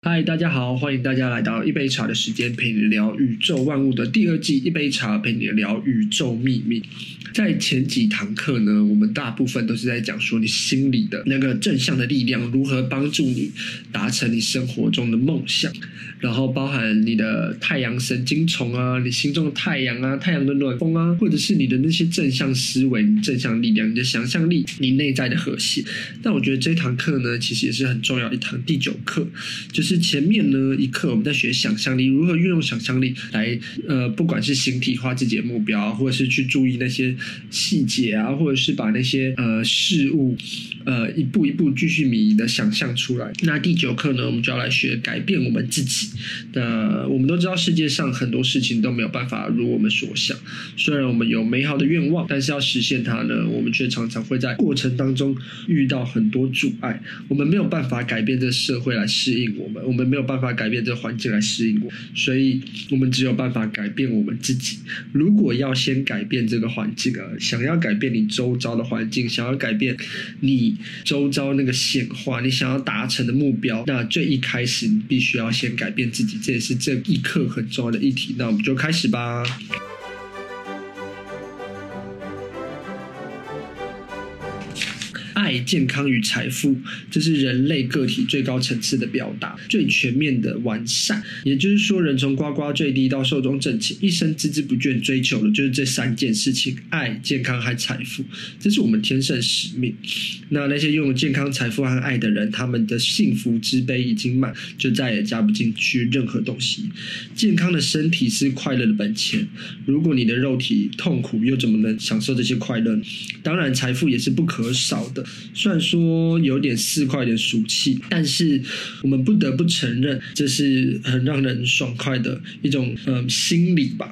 嗨，大家好，歡迎大家來到一杯茶的時間，陪你聊宇宙萬物的第二季。一杯茶陪你聊宇宙秘密。在前幾堂課呢，我們大部分都是在講說你心裡的那個正向的力量如何幫助你達成你生活中的夢想，然後包含你的太陽神經叢啊，你心中的太陽啊，太陽的暖風啊，或者是你的那些正向思維、你正向力量、你的想象力、你內在的核心。但我覺得這堂課呢，其實也是很重要一堂第九課，就是。是前面呢一課，我們在學想象力如何運用想象力來呃，不管是形體化自己的目標啊，或者是去注意那些細節啊，或者是把那些呃事物呃一步一步繼續迷的想象出來。那第九課呢，我們就要來學改變我們自己的。那我們都知道世界上很多事情都沒有辦法如我們所想，雖然我們有美好的願望，但是要實現它呢，我們卻常常會在過程當中遇到很多阻礙，我們沒有辦法改變這個社會來適應我們。我們沒有辦法改變這個環境來適應我，所以我們只有辦法改變我們自己。如果要先改變這個環境啊，想要改變你周遭的環境，想要改變你周遭那個顯化，你想要達成的目標，那最一開始你必須要先改變自己，這也是這一課很重要的議題。那我們就開始吧。愛、健康與財富，這是人類個體最高層次的表達，最全面的完善。也就是說，人從呱呱墜地到壽終正寢，一生孜孜不倦追求的就是這三件事情：愛、健康，和財富。這是我們天生使命。那那些擁有健康、財富和愛的人，他們的幸福之杯已經滿，就再也加不進去任何東西。健康的身體是快樂的本錢。如果你的肉體痛苦，又怎麼能享受這些快樂呢？當然，財富也是不可少的。雖然說有點市儈、有點俗氣，但是我們不得不承認，這是很讓人爽快的一種嗯、呃、心理吧。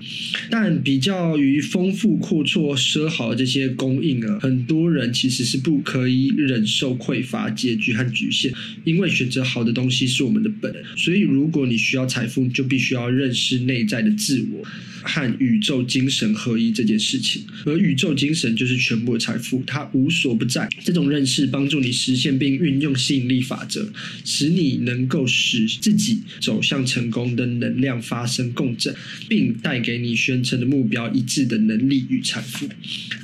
但比較於豐富、闊綽、奢豪這些供應啊，很多人其實是不可以忍受匱乏、拮据和局限，因為選擇好的東西是我們的本能。所以，如果你需要財富，就必須要認識內在的自我。和宇宙精神合一這件事情，而宇宙精神就是全部的財富，它，無所不在。這種認識幫助你實現並運用吸引力法則，使你能夠使自己走向成功的能量發生共振，並帶給你宣稱的目標一致的能力與財富。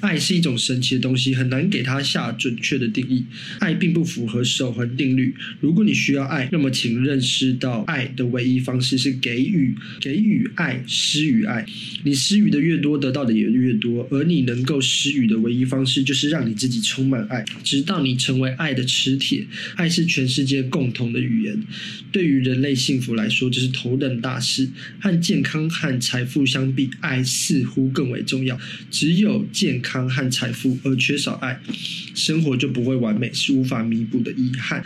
愛是一種神奇的東西，很難給它下準確的定義。愛並不符合守恆定律。如果你需要愛，那麼請認識到，愛的唯一方式是給予，給予愛，施予愛。你施予的越多，得到的也越多。而你能夠施予的唯一方式，就是讓你自己充滿愛，直到你成為愛的磁鐵。愛是全世界共同的語言，對於人類幸福來說，這是頭等大事。和健康和財富相比，愛似乎更為重要。只有健康和財富而缺少愛，生活就不會完美，是無法彌補的遺憾。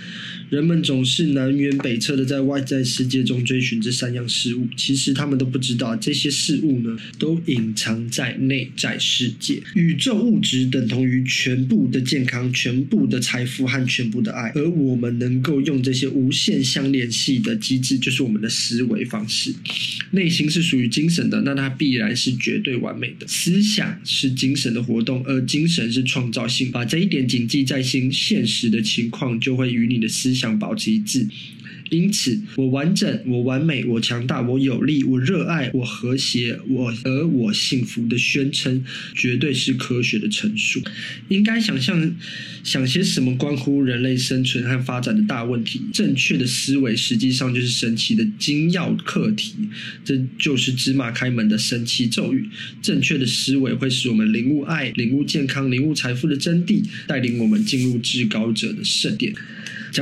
人們總是南轅北轍的在外在世界中追尋這三樣事物，其實他們都不知道這些事物，都隱藏在內在世界。宇宙物質等同於全部的健康、全部的財富和全部的愛，而我們能夠用這些無限相聯繫的機制，就是我們的思維方式。內心是屬於精神的，那它必然是絕對完美的。思想是精神的活動，而精神是創造性。把這一點謹記在心，現實的情況就會與你的思想保持一致。因此，我完整，我完美，我強大，我有力，我熱愛，我和諧，我和我幸福的宣稱，絕對是科學的陳述。應該想象想些什麼關乎人類生存和發展的大問題？正確的思維實際上就是神奇的金鑰課題，這就是芝麻開門的神奇咒語。正確的思維會使我們領悟愛、領悟健康、領悟財富的真諦，帶領我們進入至高者的聖殿。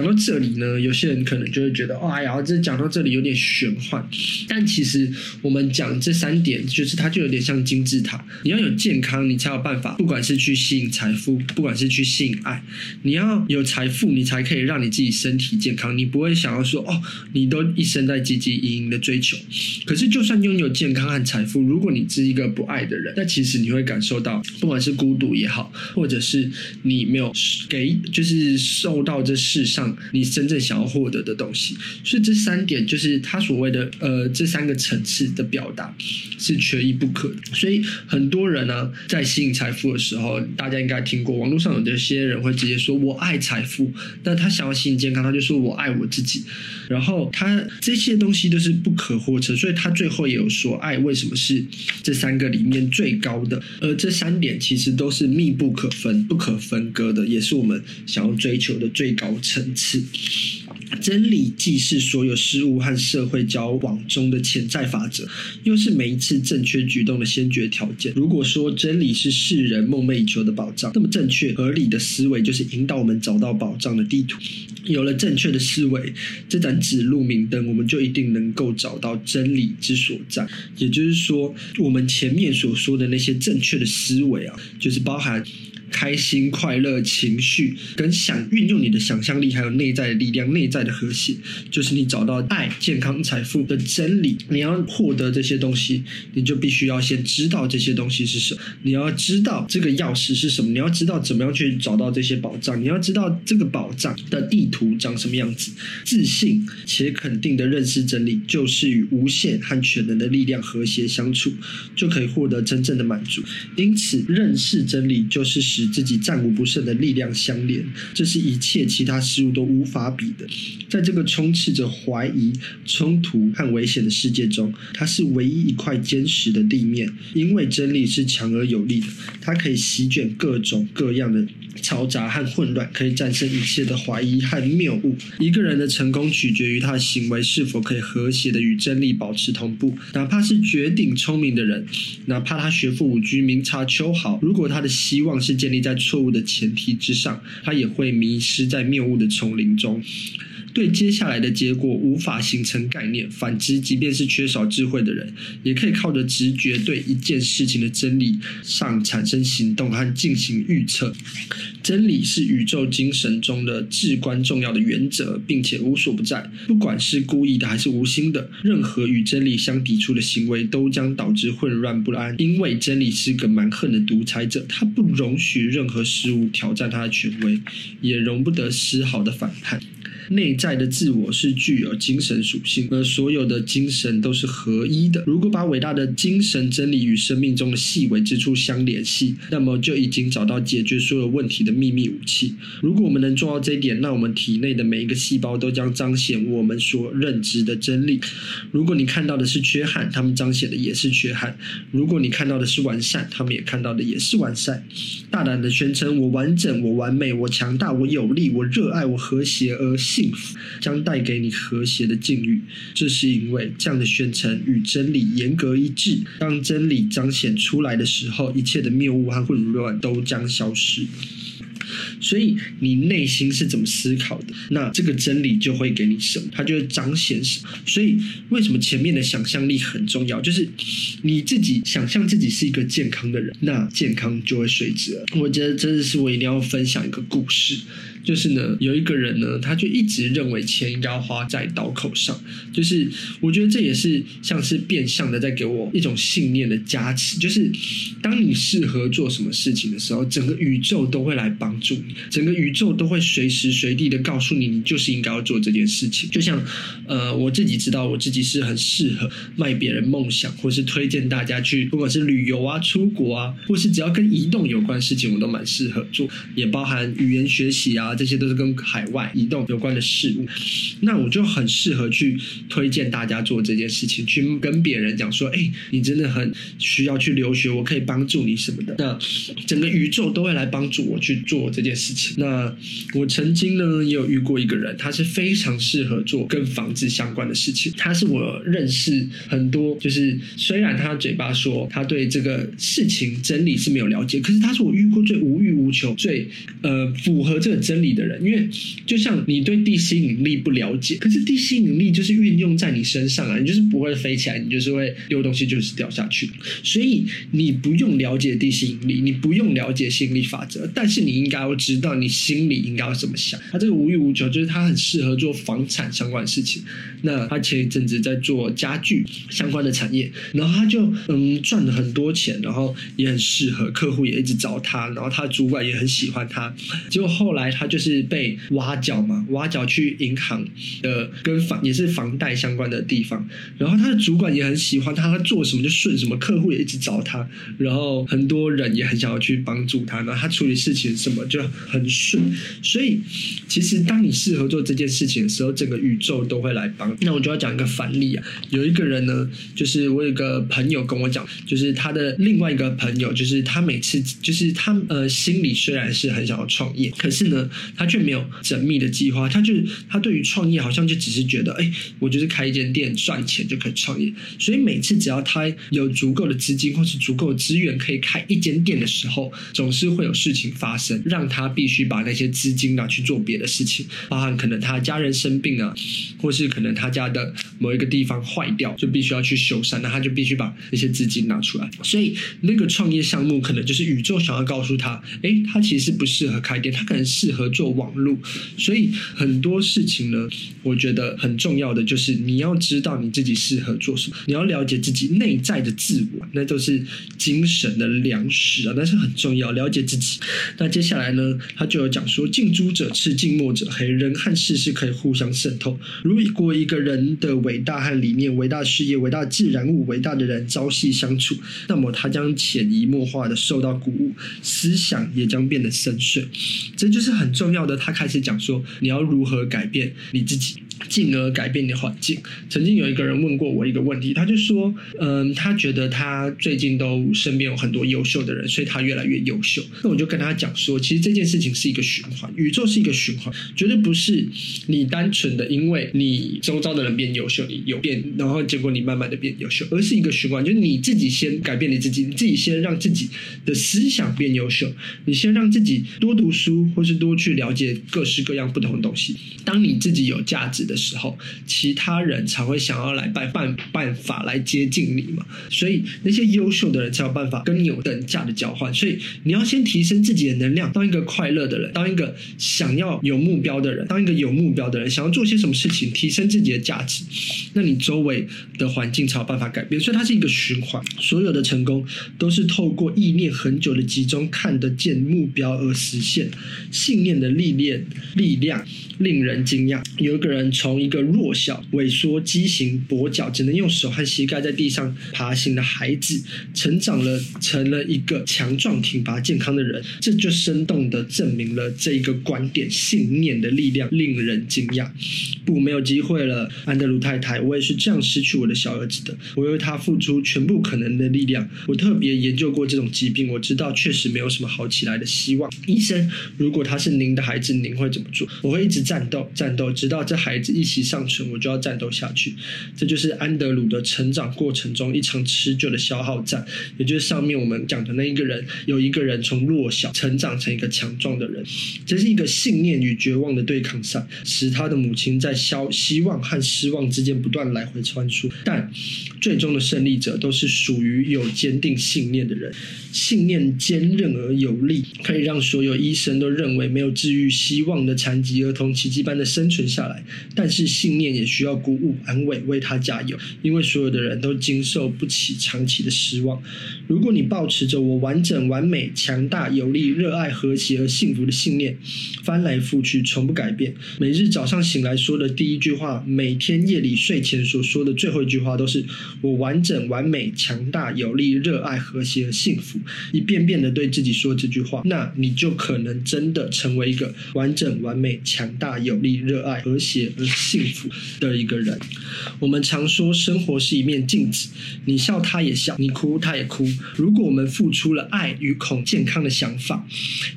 講到這裡呢，有些人可能就會覺得，哦，哎呀，這講到這裡有點玄幻。但其實我們講這三點，就是它就有點像金字塔。你要有健康，你才有辦法，不管是去吸引財富，不管是去吸引愛。你要有財富，你才可以讓你自己身體健康。你不會想要說，哦，你都一生在汲汲營營的追求。可是，就算擁有健康和財富，如果你是一個不愛的人，那其實你會感受到，不管是孤獨也好，或者是你沒有給，就是受到這世上。你真正想要獲得的東西，所以這三點就是他所謂的呃，這三個層次的表達是缺一不可。所以很多人呢、啊、在吸引財富的時候，大家應該聽過網絡上有這些人會直接說，我愛財富，那他想要吸引健康，他就說，我愛我自己。然後他這些東西都是不可或缺，所以他最後也有說，愛為什麼是這三個裡面最高的？而這三點其實都是密不可分、不可分割的，也是我們想要追求的最高層次。此真理既是所有事物和社會交往中的潛在法則，又是每一次正確舉動的先決條件。如果說真理是世人夢寐以求的保障，那麼正確合理的思維就是引導我們找到保障的地圖。有了正確的思維，這盞指路明燈，我們就一定能夠找到真理之所在。也就是說，我們前面所說的那些正確的思維啊，就是包含。開心、快樂情緒，跟想運用你的想象力，還有內在的力量、內在的和諧，就是你找到愛、健康、財富的真理。你要獲得這些東西，你就必須要先知道這些東西是什麼。你要知道這個鑰匙是什麼，你要知道怎麼樣去找到這些寶藏，你要知道這個寶藏的地圖長什麼樣子。自信且肯定的認識真理，就是與無限和全能的力量和諧相處，就可以獲得真正的滿足。因此，認識真理就是。使自己戰無不勝的力量相連，這是一切其他事物都無法比的。在這個充斥着懷疑、衝突和危險的世界中，它是唯一一塊堅實的地面。因為真理是強而有力的，它可以席捲各種各樣的嘈雜和混亂，可以戰勝一切的懷疑和謬誤。一個人的成功取決於他的行為是否可以和諧的與真理保持同步。哪怕是絕頂聰明的人，哪怕他學富五車，明察秋毫，如果他的希望是。建立在錯誤的前提之上，他也會迷失在謬誤的叢林中。對接下來的結果無法形成概念。反之，即便是缺少智慧的人，也可以靠着直覺對一件事情的真理上產生行動和進行預測。真理是宇宙精神中的至關重要的原則，並且無所不在。不管是故意的還是無心的，任何與真理相抵觸的行為都將導致混亂不安。因為真理是個蠻橫的獨裁者，他不容許任何事物挑戰他的權威，也容不得絲毫的反叛。內在的自我是具有精神屬性，而所有的精神都是合一的。如果把偉大的精神真理與生命中的細微之處相聯繫，那麼就已經找到解決所有問題的秘密武器。如果我們能做到這一點，那我們體內的每一個細胞都將彰顯我們所認知的真理。如果你看到的是缺憾，他們彰顯的也是缺憾；如果你看到的是完善，他們也看到的也是完善。大膽的宣稱：我完整，我完美，我強大，我有力，我熱愛，我和諧，而，幸福將帶給你和諧的境遇，這是因為這樣的宣稱與真理嚴格一致。當真理彰顯出來的時候，一切的謬誤和混亂都將消失。所以，你內心是怎麼思考的？那這個真理就會給你什麼？它就會彰顯什麼？所以，為什麼前面的想象力很重要？就是你自己想象自己是一個健康的人，那健康就會隨之。我覺得這是我一定要分享一個故事。就是呢，有一個人呢，他就一直認為錢應該要花在刀口上。就是我覺得這也是像是變相的在給我一種信念的加持。就是當你適合做什麼事情的時候，整個宇宙都會來幫助你，整個宇宙都會隨時隨地的告訴你，你就是應該要做這件事情。就像呃，我自己知道，我自己是很適合賣別人夢想，或是推薦大家去，不管是旅遊啊、出國啊，或是只要跟移動有關事情，我都蠻適合做，也包含語言學習啊。這些都是跟海外移動有關的事物，那我就很適合去推薦大家做這件事情，去跟別人講說：“哎、欸，你真的很需要去留學，我可以幫助你什麼的。那”那整個宇宙都會來幫助我去做這件事情。那我曾經呢也有遇過一個人，他是非常適合做跟房子相關的事情。他是我認識很多，就是雖然他嘴巴說他對這個事情真理是沒有了解，可是他是我遇過最無欲無求、最呃符合這個真理，的人，因為就像你對地心引力不了解，可是地心引力就是運用在你身上啊，你就是不會飛起來，你就是會丟東西，就是掉下去。所以你不用了解地心引力，你不用了解吸引力法則，但是你應該要知道你心裡應該要怎麼想。他這個無欲無求，就是他很適合做房產相關的事情。那他前一陣子在做家具相關的產業，然後他就嗯賺了很多錢，然後也很適合，客戶也一直找他，然後他主管也很喜歡他。結果後來他就。就是被挖角嘛，挖角去銀行呃，跟房也是房貸相關的地方，然後他的主管也很喜歡他，他做什麼就順什麼，客戶也一直找他，然後很多人也很想要去幫助他，然後他處理事情什麼就很順，所以其實當你適合做這件事情的時候，整個宇宙都會來幫。那我就要講一個反例啊，有一個人呢，就是我有一個朋友跟我講，就是他的另外一個朋友，就是他每次就是他呃心裡雖然是很想要創業，可是呢。他卻沒有縝密的計劃，他就，他對於創業好像就只是覺得，哎，我就是開一間店賺錢就可以創業。所以每次只要他有足夠的資金或是足夠的資源可以開一間店的時候，總是會有事情發生，讓他必須把那些資金拿去做別的事情，包含可能他家人生病啊，或是可能他家的某一個地方壞掉，就必須要去修繕，那他就必須把那些資金拿出來。所以那個創業項目可能就是宇宙想要告訴他，哎，他其實不適合開店，他可能適合。做網絡，所以很多事情呢，我覺得很重要的就是你要知道你自己適合做什麼，你要了解自己內在的自我，那都是精神的糧食啊，那是很重要。了解自己，那接下來呢，他就有講說，近朱者赤，近墨者黑，人和事是可以互相滲透。如果一個人的偉大和理念、偉大事業、偉大自然物、偉大的人朝夕相處，那麼他將潛移默化的受到鼓舞，思想也將變得深邃。這就是很。重要的，他開始講說，你要如何改變你自己。進而改變你的環境。曾經有一個人問過我一個問題，他就說：“嗯，他覺得他最近都身邊有很多優秀的人，所以他越來越優秀。”那我就跟他講說：“其實這件事情是一個循環，宇宙是一個循環，絕對不是你單純的因為你周遭的人變優秀，你有變，然後結果你慢慢的變優秀，而是一個循環，就是你自己先改變你自己，你自己先讓自己的思想變優秀，你先讓自己多讀書，或是多去了解各式各樣不同的東西。當你自己有價值的。”的時候，其他人才會想要來辦辦辦法來接近你嘛，所以那些優秀的人才有辦法跟你有等價的交換。所以你要先提升自己的能量，當一個快樂的人，當一個想要有目標的人，當一個有目標的人想要做些什麼事情，提升自己的價值，那你周圍的環境才有辦法改變。所以它是一個循環，所有的成功都是透過意念很久的集中看得見目標而實現。信念的力量，力量令人驚訝。有一個人。從一個弱小、萎縮、畸形、跛腳，只能用手和膝蓋在地上爬行的孩子，成長了，成了一個強壯、挺拔、健康的人。這就生動的證明了這一個觀點：信念的力量令人驚訝。不，沒有機會了，安德魯太太，我也是這樣失去我的小兒子的。我為他付出全部可能的力量。我特別研究過這種疾病，我知道確實沒有什麼好起來的希望。醫生，如果他是您的孩子，您會怎麼做？我會一直戰鬥，戰鬥，直到這孩子。一息尚存，我就要戰鬥下去。這就是安德魯的成長過程中一場持久的消耗戰，也就是上面我們講的那一個人，有一個人從弱小成長成一個強壯的人，這是一個信念與絕望的對抗戰，使他的母親在消希望和失望之間不斷來回穿梭，但最終的勝利者都是屬於有堅定信念的人。信念堅韌而有力，可以讓所有醫生都認為沒有治癒希望的殘疾兒童奇蹟般的生存下來。但是信念也需要鼓舞、安慰，為他加油，因為所有的人都經受不起長期的失望。如果你保持着我完整、完美、強大、有力、熱愛、和諧和幸福的信念，翻來覆去從不改變，每日早上醒來說的第一句話，每天夜裡睡前所說的最後一句話，都是我完整、完美、強大、有力、熱愛、和諧和幸福。一遍遍的對自己說這句話，那你就可能真的成為一個完整、完美、強大、有力、熱愛、和諧而幸福的一個人。我們常說，生活是一面鏡子，你笑他也笑，你哭他也哭。如果我們付出了愛與恐健康的想法，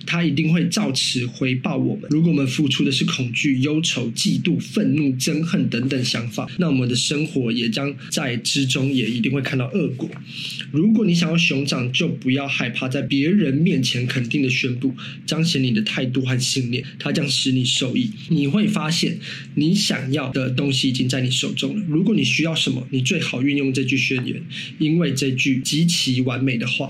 他一定會照此回報我們。如果我們付出的是恐懼、憂愁、嫉妒、憤怒、憎恨等等想法，那我們的生活也將在之中也一定會看到惡果。如果你想要熊掌，就不要。不要害怕在別人面前肯定的宣布，彰顯你的態度和信念，它將使你受益。你會發現，你想要的東西已經在你手中了。如果你需要什麼，你最好運用這句宣言，因為這句極其完美的話，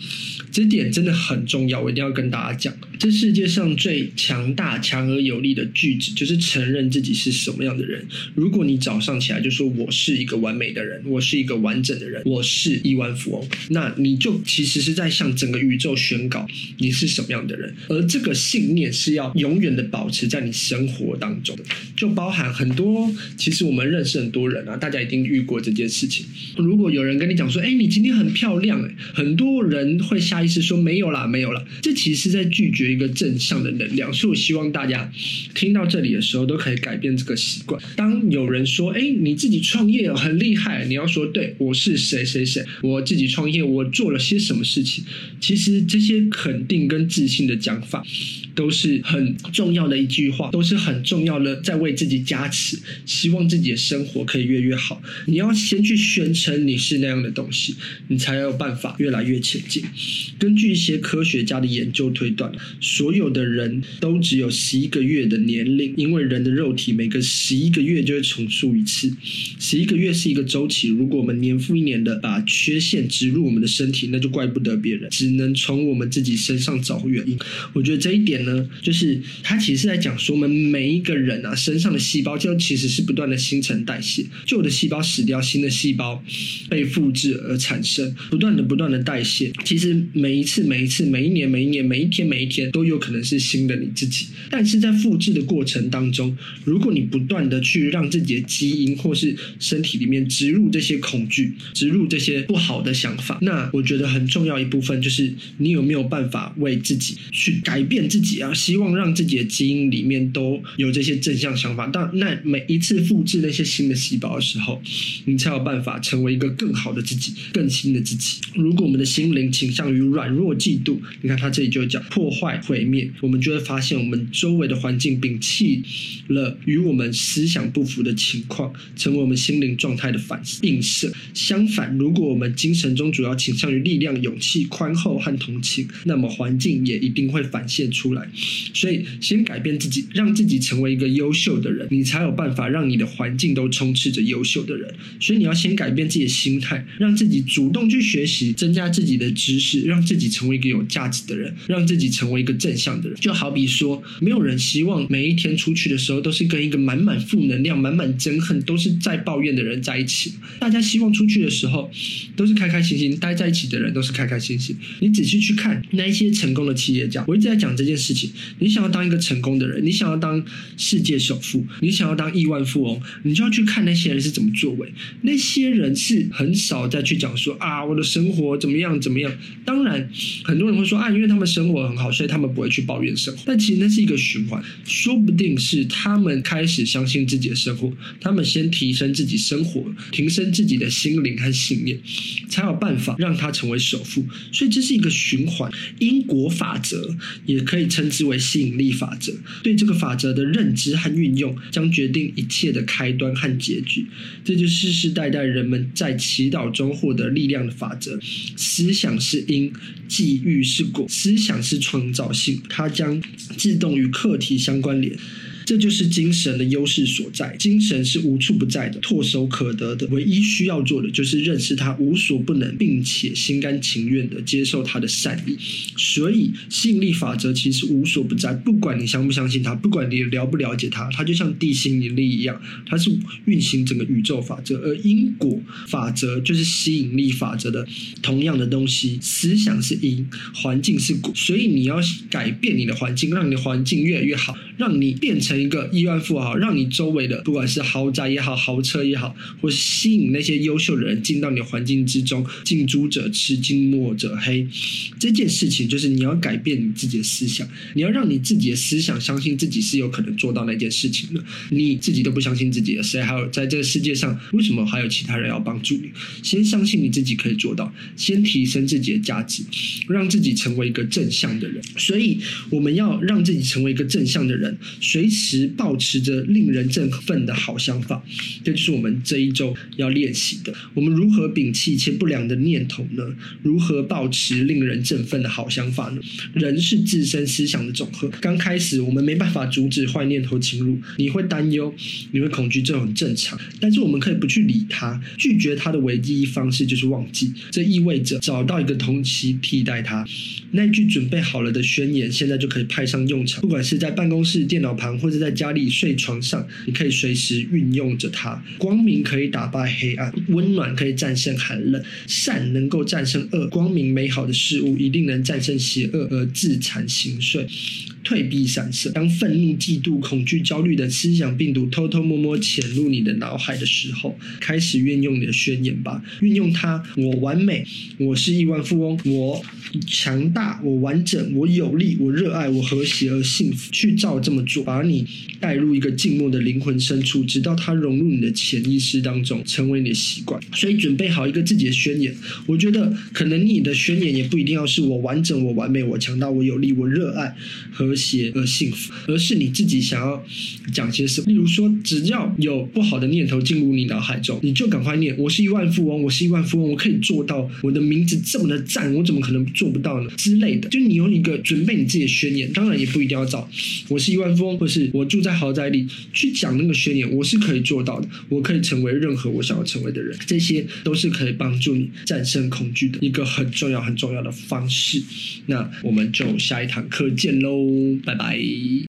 這點真的很重要。我一定要跟大家講，這世界上最強大、強而有力的句子，就是承認自己是什麼樣的人。如果你早上起來就說，我是一個完美的人，我是一個完整的人，我是億萬富翁，那你就其實是在向整個宇宙宣告你是什麼樣的人，而這個信念是要永遠的保持在你生活當中的，就包含很多。其實我們認識很多人啊，大家一定遇過這件事情。如果有人跟你講說：“欸，你今天很漂亮欸。”很多人會下意識說：“沒有啦，沒有啦。”這其實是在拒絕一個正向的能量。所以我希望大家聽到這裡的時候都可以改變這個習慣。當有人說：“欸，你自己創業很厲害。”你要說：“對，我是誰誰誰，我自己創業，我做了些什麼事情。”其實這些肯定跟自信的講法，都是很重要的一句話，都是很重要的，在為自己加持，希望自己的生活可以越越好。你要先去宣稱你是那樣的東西，你才有辦法越來越前進。根據一些科學家的研究推斷，所有的人都只有十一個月的年齡，因為人的肉體每隔十一個月就會重塑一次，十一個月是一個週期。如果我們年復一年的把缺陷植入我們的身體，那就怪不得別人，只能從我們自己身上找原因。我覺得這一點呢。呢，就是他其實是在講說，我們每一個人啊，身上的細胞就其實是不斷的新陳代謝，舊的細胞死掉，新的細胞被複製而產生，不斷的、不斷的代謝。其實每一次、每一次、每一年、每一年、每一天、每一天，都有可能是新的你自己。但是在複製的過程當中，如果你不斷的去讓自己的基因或是身體裡面植入這些恐懼，植入這些不好的想法，那我覺得很重要一部分就是你有沒有辦法為自己去改變自己。要希望讓自己的基因裡面都有這些正向想法，但那每一次複製那些新的細胞的時候，你才有辦法成為一個更好的自己、更新的自己。如果我們的心靈傾向於軟弱、嫉妒，你看它這裡就講破壞、毀滅，我們就會發現我們周圍的環境摒棄了與我們思想不符的情況，成為我們心靈狀態的反映射。相反，如果我們精神中主要傾向於力量、勇氣、寬厚和同情，那麼環境也一定會反現出來。所以，先改變自己，讓自己成為一個優秀的人，你才有辦法讓你的環境都充斥着優秀的人。所以，你要先改變自己的心態，讓自己主動去學習，增加自己的知識，讓自己成為一個有價值的人，讓自己成為一個正向的人。就好比說，沒有人希望每一天出去的時候都是跟一個滿滿負能量、滿滿憎恨、都是在抱怨的人在一起。大家希望出去的時候，都是開開心心待在一起的人，都是開開心心。你仔細去看那些成功的企業家，我一直在講這件事情。你想要當一個成功的人，你想要當世界首富，你想要當億萬富翁，你就要去看那些人是怎麼作為。那些人是很少再去講說啊，我的生活怎麼樣怎麼樣。當然，很多人會說啊，因為他們生活很好，所以他們不會去抱怨生活。但其實那是一個循環，說不定是他們開始相信自己的生活，他們先提升自己生活，提升自己的心靈和信念，才有辦法讓他成為首富。所以這是一個循環，因果法則也可以稱之為吸引力法則，對這個法則的認知和運用，將決定一切的開端和結局。這就是世世代代人們在祈禱中獲得力量的法則。思想是因，際遇是果。思想是創造性，它將自動與課題相關聯。這就是精神的優勢所在，精神是無處不在的、唾手可得的。唯一需要做的就是認識它，無所不能，並且心甘情願的接受它的善意。所以，吸引力法則其實無所不在，不管你相不相信它，不管你了不了解它，它就像地心引力一樣，它是運行整個宇宙法則。而因果法則就是吸引力法則的同樣的東西，思想是因，環境是果，所以你要改變你的環境，讓你的環境越來越好，讓你變成，一個億萬富豪，讓你周圍的不管是豪宅也好，豪車也好，或吸引那些優秀的人進到你的環境之中。近朱者赤，近墨者黑。這件事情就是你要改變你自己的思想，你要讓你自己的思想相信自己是有可能做到那件事情的。你自己都不相信自己的，誰還有在這個世界上？為什麼還有其他人要幫助你？先相信你自己可以做到，先提升自己的價值，讓自己成為一個正向的人。所以，我們要讓自己成為一個正向的人，隨時。持保持着令人振奮的好想法，這就是我們這一周要練習的。我們如何摒棄一切不良的念頭呢？如何保持令人振奮的好想法呢？人是自身思想的總和。剛開始我們沒辦法阻止壞念頭侵入，你會擔憂，你會恐懼，這種很正常。但是我們可以不去理他，拒絕他的唯一方式就是忘記。這意味着找到一個同期替代它。那一句準備好了的宣言，現在就可以派上用場，不管是在辦公室電腦旁或者。在家裡睡床上，你可以隨時運用着它。光明可以打敗黑暗，溫暖可以戰勝寒冷，善能夠戰勝惡。光明美好的事物一定能戰勝邪惡而自慚形穢、退避三舍。當憤怒、嫉妒、恐懼、焦慮等思想病毒偷偷摸摸潛入你的腦海的時候，開始運用你的宣言吧，運用它。我完美，我是億萬富翁，我強大，我完整，我有力，我熱愛，我和諧而幸福。去照這麼做，把你。帶入一個靜默的靈魂深處，直到它融入你的潛意識當中，成為你的習慣。所以準備好一個自己的宣言，我覺得可能你的宣言也不一定要是我完整、我完美、我強大、我有力、我熱愛和諧而幸福，而是你自己想要講些什麼。例如說，只要有不好的念頭進入你腦海中，你就趕快念：我是億萬富翁，我是億萬富翁，我可以做到，我的名字這麼的讚，我怎麼可能做不到呢？之類的。就你有一個準備你自己的宣言，當然也不一定要找我是億萬富翁，或是。我住在豪宅裡，去講那個宣言，我是可以做到的。我可以成為任何我想要成為的人，這些都是可以幫助你戰勝恐懼的一個很重要、很重要的方式。那我們就下一堂課見嘍，拜拜。